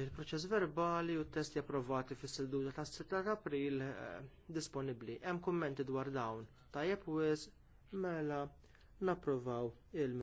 Il-proċess verbali u t testi approvati fis seduta tas 6 ta' april eh, disponibbli. Hemm kummenti dwar dawn. Tajjeb wis mela napprovaw il